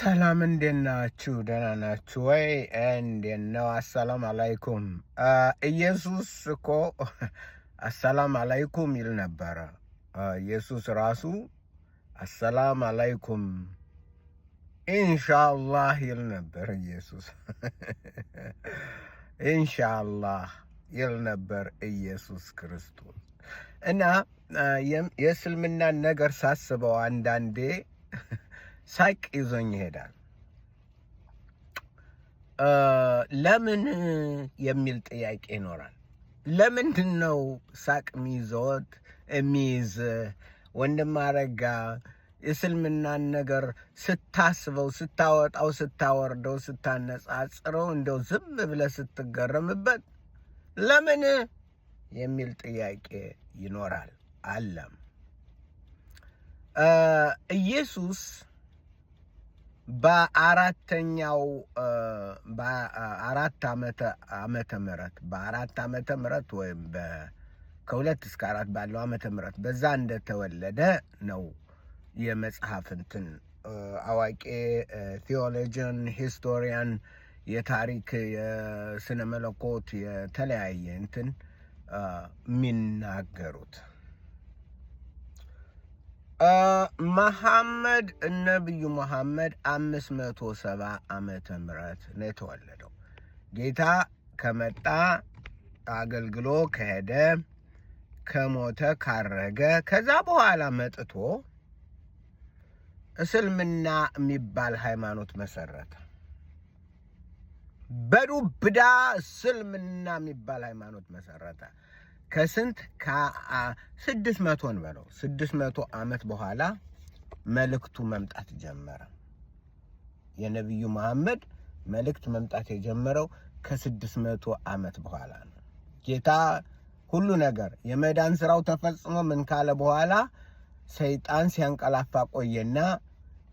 ሰላም እንዴት ናችሁ? ደህና ናችሁ ወይ? እንዴት ነው? አሰላም አላይኩም። ኢየሱስ እኮ አሰላም አላይኩም ይል ነበረ። ኢየሱስ ራሱ አሰላም አላይኩም ኢንሻአላህ ይል ነበር። ኢየሱስ ኢንሻአላህ ይል ነበር ኢየሱስ ክርስቶስ። እና የእስልምናን ነገር ሳስበው አንዳንዴ ሳቅ ይዞኝ ይሄዳል። ለምን የሚል ጥያቄ ይኖራል። ለምንድን ነው ሳቅ የሚይዘዎት የሚይዝ ወንድም አረጋ የእስልምናን ነገር ስታስበው ስታወጣው ስታወርደው ስታነጻጽረው እንደው ዝም ብለህ ስትገረምበት ለምን የሚል ጥያቄ ይኖራል። አለም ኢየሱስ በአራተኛው በአራት ዓመተ ዓመተ ምህረት በአራት ዓመተ ምህረት ወይም ከሁለት እስከ አራት ባለው ዓመተ ምህረት በዛ እንደተወለደ ነው የመጽሐፍ እንትን አዋቂ ቴዎሎጂን፣ ሂስቶሪያን፣ የታሪክ የስነ መለኮት የተለያየ እንትን የሚናገሩት መሐመድ ነቢዩ መሐመድ አምስት መቶ ሰባ ዓመተ ምህረት ነው የተወለደው። ጌታ ከመጣ አገልግሎ ከሄደ ከሞተ ካረገ ከዛ በኋላ መጥቶ እስልምና የሚባል ሃይማኖት መሰረተ። በዱብዳ እስልምና የሚባል ሃይማኖት መሰረተ። ከስንት ከስድስት መቶን በለው ስድስት መቶ ዓመት በኋላ መልእክቱ መምጣት ጀመረ። የነቢዩ መሐመድ መልእክት መምጣት የጀመረው ከስድስት መቶ ዓመት በኋላ ነው። ጌታ ሁሉ ነገር የመዳን ስራው ተፈጽሞ ምን ካለ በኋላ ሰይጣን ሲያንቀላፋ ቆየና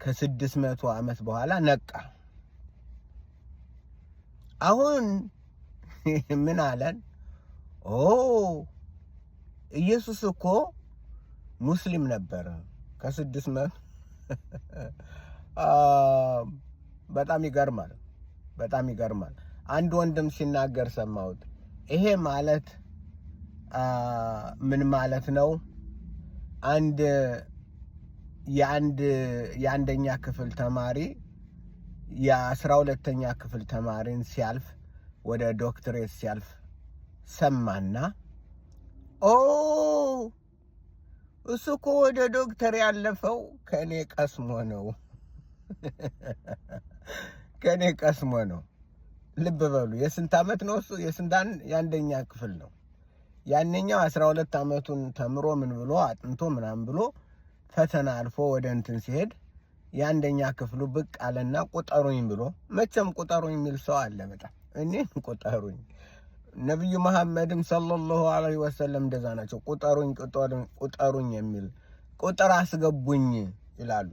ከስድስት መቶ ዓመት በኋላ ነቃ። አሁን ምን አለን? ኦ ኢየሱስ እኮ ሙስሊም ነበረ። ከስድስት መ በጣም ይገርማል፣ በጣም ይገርማል። አንድ ወንድም ሲናገር ሰማሁት። ይሄ ማለት ምን ማለት ነው? አንድ የአንድ የአንደኛ ክፍል ተማሪ የአስራ ሁለተኛ ክፍል ተማሪን ሲያልፍ ወደ ዶክትሬት ሲያልፍ ሰማና ኦ እሱ እኮ ወደ ዶክተር ያለፈው ከኔ ቀስሞ ነው። ከኔ ቀስሞ ነው። ልብ በሉ የስንት ዓመት ነው እሱ? የስንዳን የአንደኛ ክፍል ነው። ያንኛው አስራ ሁለት ዓመቱን ተምሮ ምን ብሎ አጥንቶ ምናምን ብሎ ፈተና አልፎ ወደ እንትን ሲሄድ የአንደኛ ክፍሉ ብቅ አለና ቁጠሩኝ ብሎ መቼም ቁጠሩኝ የሚል ሰው አለ። በጣም እኔ ቁጠሩኝ ነቢዩ መሐመድም ሰለላሁ ዐለይሂ ወሰለም እንደዛ ናቸው። ቁጠሩኝ ቁጠሩኝ የሚል ቁጥር አስገቡኝ ይላሉ።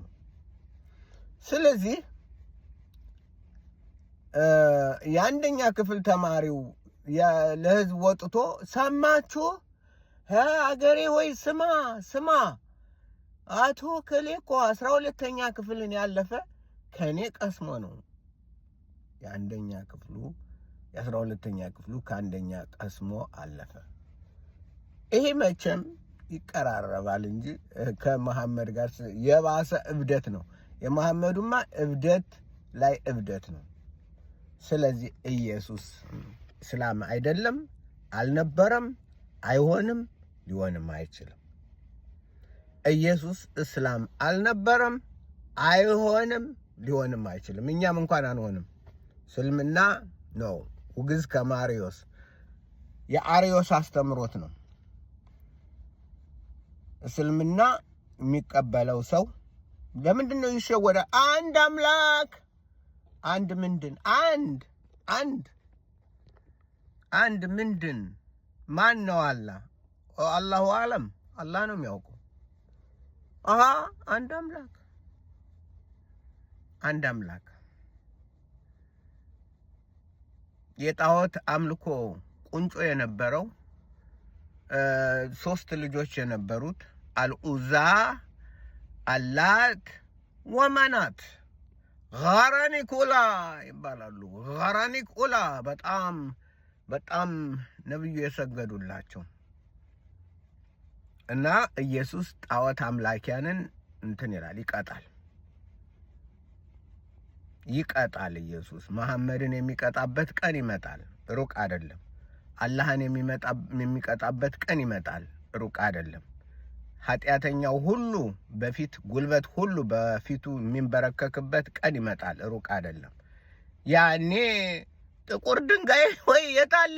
ስለዚህ የአንደኛ ክፍል ተማሪው ለህዝብ ወጥቶ ሰማችሁ፣ አገሬ ወይ ስማ ስማ፣ አቶ ከሌ እኮ አስራ ሁለተኛ ክፍልን ያለፈ ከእኔ ቀስሞ ነው የአንደኛ ክፍሉ የአስራ ሁለተኛ ክፍሉ ከአንደኛ ቀስሞ አለፈ። ይሄ መቼም ይቀራረባል እንጂ ከመሐመድ ጋር የባሰ እብደት ነው። የመሐመዱማ እብደት ላይ እብደት ነው። ስለዚህ ኢየሱስ እስላም አይደለም፣ አልነበረም፣ አይሆንም፣ ሊሆንም አይችልም። ኢየሱስ እስላም አልነበረም፣ አይሆንም፣ ሊሆንም አይችልም። እኛም እንኳን አንሆንም። ስልምና ነው። ውግዝ ከማሪዮስ የአሪዮስ አስተምሮት ነው። እስልምና የሚቀበለው ሰው ለምንድን ነው ይሸወደ? አንድ አምላክ አንድ ምንድን አንድ አንድ አንድ ምንድን ማን ነው? አላ አላሁ አለም አላህ ነው የሚያውቁ። አሀ አንድ አምላክ አንድ አምላክ የጣዖት አምልኮ ቁንጮ የነበረው ሶስት ልጆች የነበሩት አልዑዛ፣ አላት ወመናት ጋራኒክ ኡላ ይባላሉ። ጋራኒክ ኡላ በጣም በጣም ነብዩ የሰገዱላቸው እና ኢየሱስ ጣዖት አምላኪያንን እንትን ይላል፣ ይቀጣል። ይቀጣል። ኢየሱስ መሐመድን የሚቀጣበት ቀን ይመጣል፣ ሩቅ አይደለም። አላህን የሚቀጣበት ቀን ይመጣል፣ ሩቅ አይደለም። ኃጢአተኛው ሁሉ በፊት ጉልበት ሁሉ በፊቱ የሚንበረከክበት ቀን ይመጣል፣ ሩቅ አይደለም። ያኔ ጥቁር ድንጋይ ወይ የታለ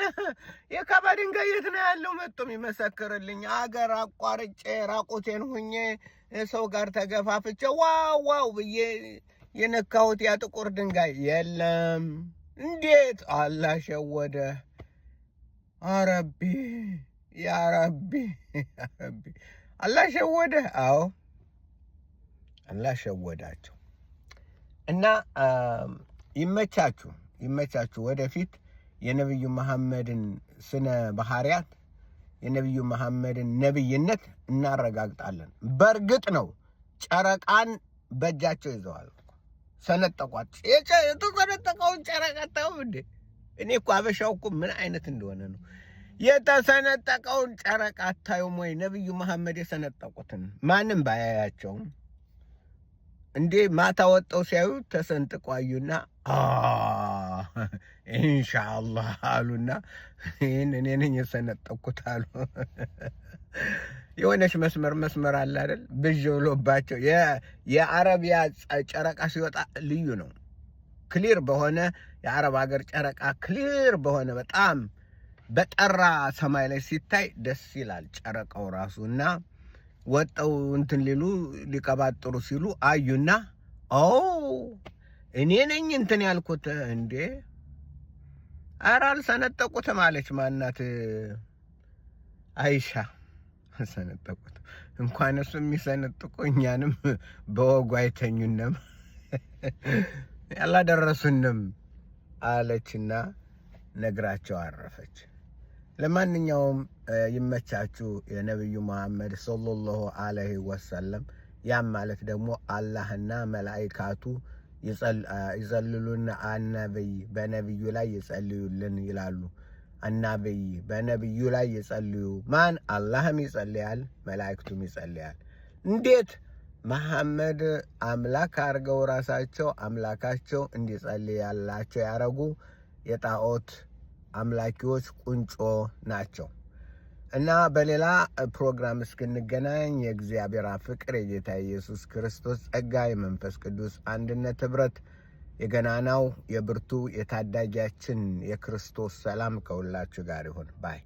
የካባ ድንጋይ የት ነው ያለው? መጥቶ የሚመሰክርልኝ አገር አቋርጬ ራቁቴን ሁኜ ሰው ጋር ተገፋፍቼ ዋው ዋው ብዬ የነካሁት ያ ጥቁር ድንጋይ የለም። እንዴት አላሸወደ አረቢ ያረቢ ረቢ አላሸወደ። አዎ አላሸወዳቸው። እና ይመቻችሁ፣ ይመቻችሁ። ወደፊት የነቢዩ መሐመድን ስነ ባህሪያት የነቢዩ መሐመድን ነብይነት እናረጋግጣለን። በእርግጥ ነው ጨረቃን በእጃቸው ይዘዋል። ሰነጠቋት። የተሰነጠቀውን ጨረቃ ታውም እንዴ? እኔ እኮ አበሻው እኮ ምን አይነት እንደሆነ ነው። የተሰነጠቀውን ጨረቃ አታዩም ወይ? ነቢዩ መሐመድ የሰነጠቁትን ማንም ባያያቸውም እንዴ ማታ ወጠው ሲያዩ ተሰንጥቆ አዩና ኢንሻአላህ አሉና ይህን እኔ ነኝ አሉ። የሆነች መስመር መስመር አለ አይደል? ብዥ ብሎባቸው የአረቢያ ጨረቃ ሲወጣ ልዩ ነው። ክሊር በሆነ የአረብ ሀገር ጨረቃ ክሊር በሆነ በጣም በጠራ ሰማይ ላይ ሲታይ ደስ ይላል። ጨረቃው ራሱ እና ወጠው እንትን ሊሉ ሊቀባጥሩ ሲሉ አዩና ኦ እኔ ነኝ እንትን ያልኩት እንዴ! ኧረ አልሰነጠቁትም አለች ማናት አይሻ ሰነጠቁት። እንኳን እሱ የሚሰነጥቁ እኛንም በወጉ አይተኙንም ያላደረሱንም አለችና ነግራቸው አረፈች። ለማንኛውም ይመቻችሁ። የነቢዩ መሐመድ ሰለላሁ አለይሂ ወሰለም ያም ማለት ደግሞ አላህና መላይካቱ ይጸልሉን አነብይ በነቢዩ ላይ ይጸልዩልን ይላሉ። አናብይ በነብዩ ላይ ይጸልዩ። ማን? አላህም ይጸልያል፣ መላእክቱም ይጸልያል። እንዴት መሐመድ አምላክ አድርገው ራሳቸው አምላካቸው እንዲጸልያላቸው ያረጉ የጣዖት አምላኪዎች ቁንጮ ናቸው። እና በሌላ ፕሮግራም እስክንገናኝ የእግዚአብሔር ፍቅር የጌታ ኢየሱስ ክርስቶስ ጸጋ የመንፈስ ቅዱስ አንድነት ህብረት የገናናው የብርቱ የታዳጊያችን የክርስቶስ ሰላም ከሁላችሁ ጋር ይሁን ባይ